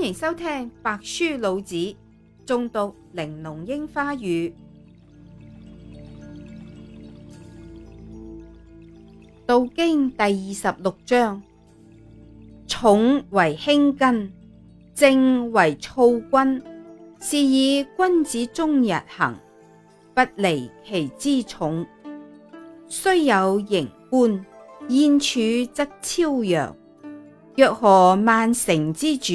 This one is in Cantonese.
歡迎收聽《帛書老子》，誦讀《玲瓏櫻花語》。道經第二十六章：重為輕根，靜為躁君。是以君子終日行，不離其之重。雖有營觀，燕處則超然。若何萬乘之主？